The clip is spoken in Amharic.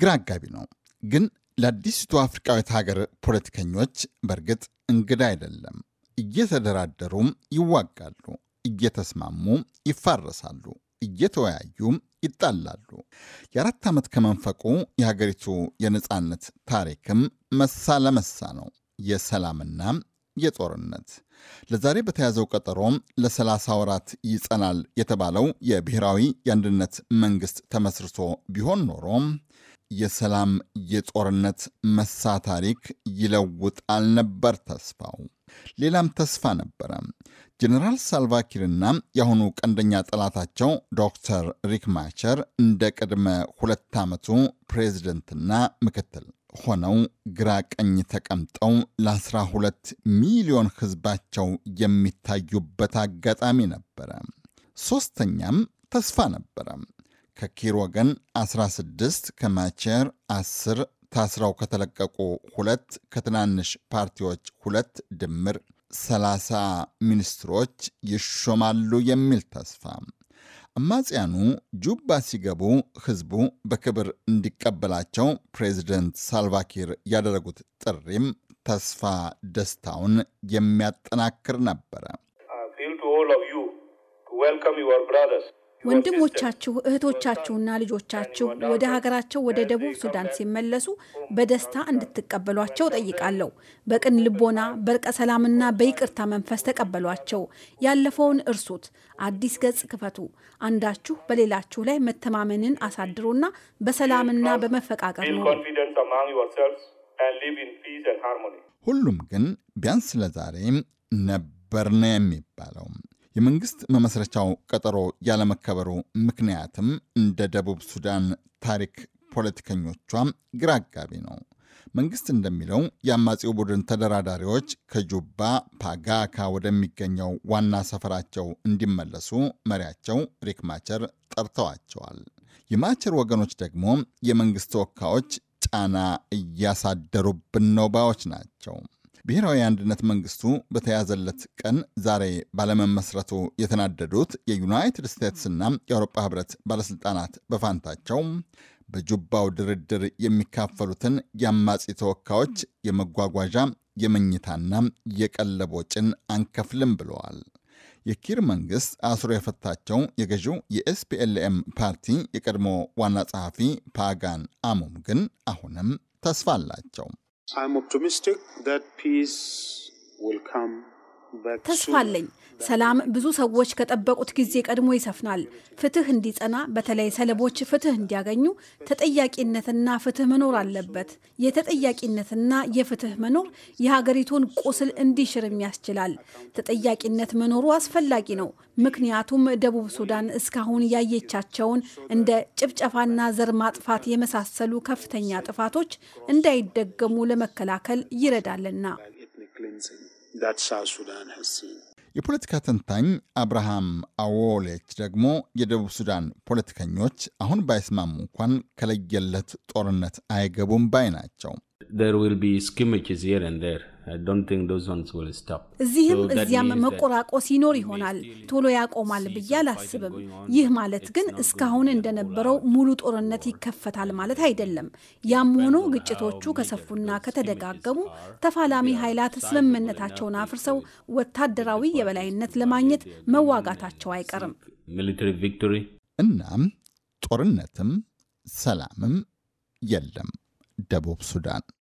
ግራ አጋቢ ነው። ግን ለአዲስቱ አፍሪካዊት ሀገር ፖለቲከኞች በእርግጥ እንግዳ አይደለም። እየተደራደሩም ይዋጋሉ፣ እየተስማሙ ይፋረሳሉ፣ እየተወያዩ ይጣላሉ። የአራት ዓመት ከመንፈቁ የሀገሪቱ የነፃነት ታሪክም መሳ ለመሳ ነው የሰላምና የጦርነት ለዛሬ በተያዘው ቀጠሮ ለ30 ወራት ይጸናል የተባለው የብሔራዊ የአንድነት መንግስት ተመስርቶ ቢሆን ኖሮ የሰላም የጦርነት መሳ ታሪክ ይለውጣል ነበር ተስፋው። ሌላም ተስፋ ነበረ። ጀኔራል ሳልቫኪርና የአሁኑ ቀንደኛ ጠላታቸው ዶክተር ሪክ ማቸር እንደ ቅድመ ሁለት ዓመቱ ፕሬዝደንትና ምክትል ሆነው ግራ ቀኝ ተቀምጠው ለ12 ሚሊዮን ሕዝባቸው የሚታዩበት አጋጣሚ ነበረ። ሶስተኛም ተስፋ ነበረ። ከኪሮገን ወገን 16 ከማቼር 10 ታስረው ከተለቀቁ ሁለት ከትናንሽ ፓርቲዎች ሁለት ድምር 30 ሚኒስትሮች ይሾማሉ የሚል ተስፋ አማጽያኑ ጁባ ሲገቡ ህዝቡ በክብር እንዲቀበላቸው ፕሬዚደንት ሳልቫኪር ያደረጉት ጥሪም ተስፋ ደስታውን የሚያጠናክር ነበረ። ወንድሞቻችሁ እህቶቻችሁና ልጆቻችሁ ወደ ሀገራቸው ወደ ደቡብ ሱዳን ሲመለሱ በደስታ እንድትቀበሏቸው ጠይቃለሁ። በቅን ልቦና፣ በርቀ ሰላምና በይቅርታ መንፈስ ተቀበሏቸው። ያለፈውን እርሱት፣ አዲስ ገጽ ክፈቱ። አንዳችሁ በሌላችሁ ላይ መተማመንን አሳድሩና በሰላምና በመፈቃቀር ነው። ሁሉም ግን ቢያንስ ለዛሬም ነበር የሚባለው። የመንግስት መመስረቻው ቀጠሮ ያለመከበሩ ምክንያትም እንደ ደቡብ ሱዳን ታሪክ ፖለቲከኞቿ ግራ አጋቢ ነው። መንግስት እንደሚለው የአማጺው ቡድን ተደራዳሪዎች ከጁባ ፓጋካ ወደሚገኘው ዋና ሰፈራቸው እንዲመለሱ መሪያቸው ሪክ ማቸር ጠርተዋቸዋል። የማቸር ወገኖች ደግሞ የመንግስት ተወካዮች ጫና እያሳደሩብን ነው ባዮች ናቸው። ብሔራዊ አንድነት መንግስቱ በተያዘለት ቀን ዛሬ ባለመመስረቱ የተናደዱት የዩናይትድ ስቴትስና የአውሮፓ ህብረት ባለሥልጣናት በፋንታቸው በጁባው ድርድር የሚካፈሉትን የአማጺ ተወካዮች የመጓጓዣ የመኝታና የቀለብ ወጪን አንከፍልም ብለዋል። የኪር መንግስት አስሮ የፈታቸው የገዢው የኤስፒኤልኤም ፓርቲ የቀድሞ ዋና ጸሐፊ ፓጋን አሙም ግን አሁንም ተስፋ አላቸው። I'm optimistic that peace will come ተስፋ አለኝ። ሰላም ብዙ ሰዎች ከጠበቁት ጊዜ ቀድሞ ይሰፍናል። ፍትህ እንዲጸና፣ በተለይ ሰለቦች ፍትህ እንዲያገኙ ተጠያቂነትና ፍትህ መኖር አለበት። የተጠያቂነትና የፍትህ መኖር የሀገሪቱን ቁስል እንዲሽርም ያስችላል። ተጠያቂነት መኖሩ አስፈላጊ ነው። ምክንያቱም ደቡብ ሱዳን እስካሁን ያየቻቸውን እንደ ጭፍጨፋና ዘር ማጥፋት የመሳሰሉ ከፍተኛ ጥፋቶች እንዳይደገሙ ለመከላከል ይረዳልና። የፖለቲካ ተንታኝ አብርሃም አዎሌች ደግሞ የደቡብ ሱዳን ፖለቲከኞች አሁን ባይስማሙ እንኳን ከለየለት ጦርነት አይገቡም ባይ ናቸው። There will be here and there. እዚህም እዚያም መቆራቆስ ይኖር ይሆናል። ቶሎ ያቆማል ብዬ አላስብም። ይህ ማለት ግን እስካሁን እንደነበረው ሙሉ ጦርነት ይከፈታል ማለት አይደለም። ያም ሆኖ ግጭቶቹ ከሰፉና ከተደጋገሙ ተፋላሚ ኃይላት ስምምነታቸውን አፍርሰው ወታደራዊ የበላይነት ለማግኘት መዋጋታቸው አይቀርም። እናም ጦርነትም ሰላምም የለም ደቡብ ሱዳን